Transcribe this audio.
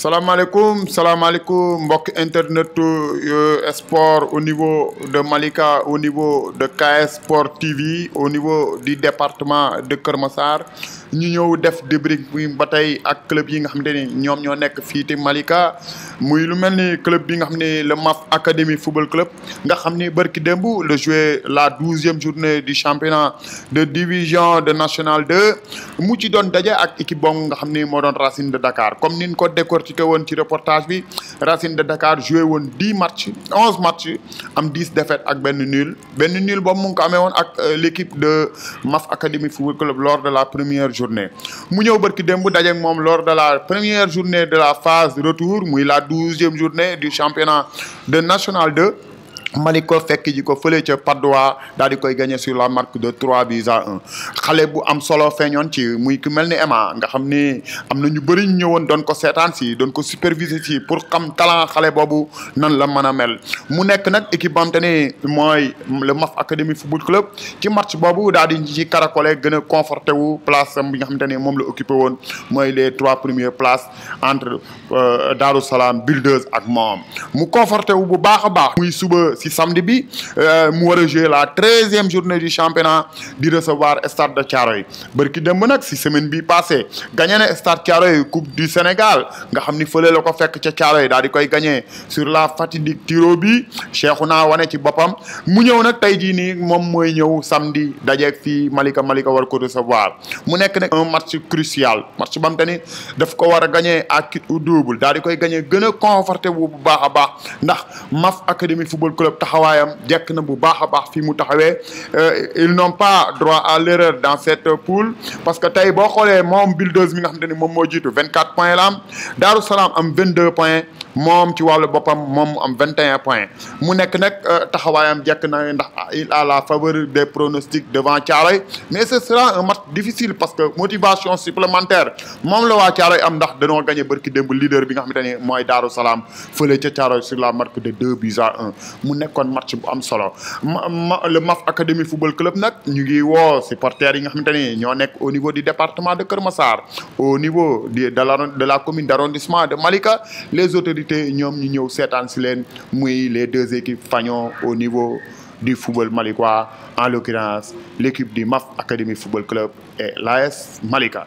salaamaaleykum salaamaaleykum mbokk internet euh, sport au niveau de Malika au niveau de KS Sport TV au niveau di département de Kër Massar ñu ñëw def débrief bi ba tey ak club yi nga xamante ni ñoom ñoo nekk fii te Malika. muy lu melni club bi nga xamné le MAF Academy Football Club nga xamné barki dembu le jouer la douzième journée du championnat de division de national 2 mu ci doon dajé ak équipe boobu nga xamné ni moo Racine de Dakar comme ni ñu ko décortiqué woon ci reportage bi Racine de Dakar jouer won 10 matchs 11 matchs am 10 défaites ak benn nul benn nul Bon mu ko amé won ak euh, l'équipe de MAF Academy Football Club lors de la première journée mu ñëw barki dembu dajé ak mom lors de la première journée de la phase retour muy la e journée du championnat de National 2. Mali ko fekk ji ko fële ca Padoa daal di koy gagné sur la marque de 3 buts à xale bu am solo feeñoon ci muy ku mel ni Emma nga xam ni am na ñu bari ñu ñëwoon doon ko seetaan si doon ko superviser si pour xam talent xale boobu nan la mën a mel. mu nekk nag équipe bam te ne mooy le MAF Académie Football Club ci match boobu daal di ci caracolé gën a conforté wu place bi nga xamante ne moom la occupé woon mooy les trois premières places entre euh, Darou Salam Builders ak moom mu conforté si samedi bi euh, mu wara jouer la 13e journée du championnat di recevoir Stade de Thiaroye barki dem nak si semaine bi passé gagné na Stade kub coupe du Sénégal nga xamni feulé lako fekk ci Thiaroye dal di koy gagné sur la fatidique tiro bi Cheikhouna wone ci bopam mu ñew nak tay ji ni mom moy ñew samedi dajeeg fi Malika Malika war ko recevoir mu nek nak un match crucial match bam tane daf ko wara dari gagné à kit ou double dal di koy gagné gëna bu baaxa baax ndax MAF Academy Football Club Euh, ils n'ont pas droit à l'erreur dans cette poule parce que taille Il mon bulldoze 24 points là darussalam 22 points moom ci wàllu boppam moom mu am vingt et un points mu nekk nag euh, taxawaayam jekk na ndax il a la faveur des pronostics devant Thiaroye mais ce sera un match difficile parce que motivation supplémentaire moom la waa Thiaroye am ndax dañoo gagné barki démb leader bi nga xamante ne mooy Daaru Salaam fële ca Thiaroye sur la marque de deux buts à un mu nekkoon match bu am solo le MAF Académie Football Club nag ñu ngi woo supporters yi nga xamante ñoo nekk au niveau du département de Kër au niveau de la la commune d' arrondissement de Malika les Nous ñu ñëw ans les deux équipes au niveau du football malécois, en l'occurrence l'équipe du MAF Academy Football Club et l'AS Malika